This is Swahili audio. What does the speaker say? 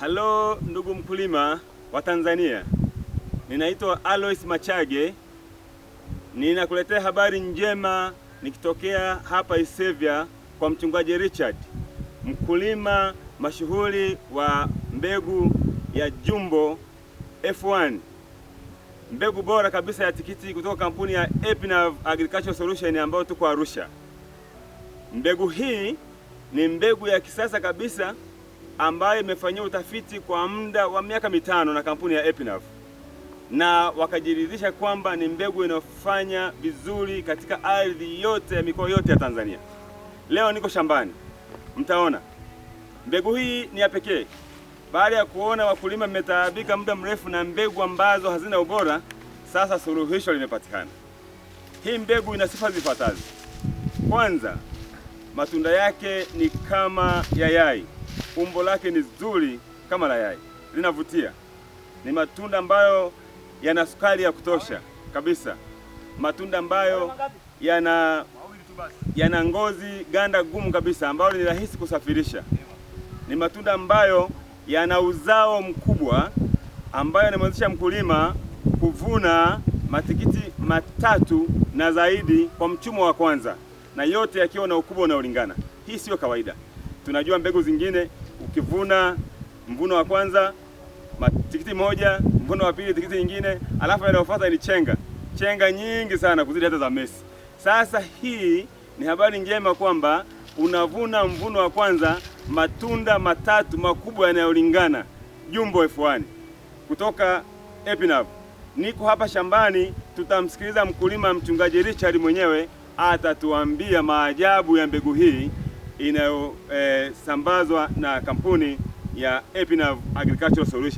Halo ndugu mkulima wa Tanzania, ninaitwa Alois Machage, ninakuletea habari njema nikitokea hapa Isevya kwa mchungaji Richard, mkulima mashuhuri wa mbegu ya Jumbo F1, mbegu bora kabisa ya tikiti kutoka kampuni ya Epinav Agricultural Solution ambayo tuko Arusha. Mbegu hii ni mbegu ya kisasa kabisa ambayo imefanyiwa utafiti kwa muda wa miaka mitano na kampuni ya Epinaf na wakajiridhisha kwamba ni mbegu inayofanya vizuri katika ardhi yote ya mikoa yote ya Tanzania. Leo niko shambani, mtaona mbegu hii ni ya pekee. Baada ya kuona wakulima mmetaabika muda mrefu na mbegu ambazo hazina ubora, sasa suluhisho limepatikana. Hii mbegu ina sifa zifuatazo. Kwanza, matunda yake ni kama yayai umbo lake ni zuri kama la yai, linavutia. Ni matunda ambayo yana sukari ya kutosha kabisa, matunda ambayo yana yana ngozi ganda gumu kabisa, ambayo ni rahisi kusafirisha. Ni matunda ambayo yana uzao mkubwa, ambayo yanamwezesha mkulima kuvuna matikiti matatu na zaidi kwa mchumo wa kwanza, na yote yakiwa na ukubwa unaolingana. Hii siyo kawaida. Tunajua mbegu zingine ukivuna mvuno wa kwanza tikiti moja, mvuno wa pili tikiti nyingine, alafu yanayofuata ni chenga, chenga nyingi sana kuzidi hata za Messi. Sasa hii ni habari njema kwamba unavuna mvuno wa kwanza matunda matatu makubwa yanayolingana jumbo F1 kutoka Epinav. Niko hapa shambani, tutamsikiliza mkulima mchungaji Richard mwenyewe atatuambia maajabu ya mbegu hii inayosambazwa eh, na kampuni ya Epinav Agricultural Solutions.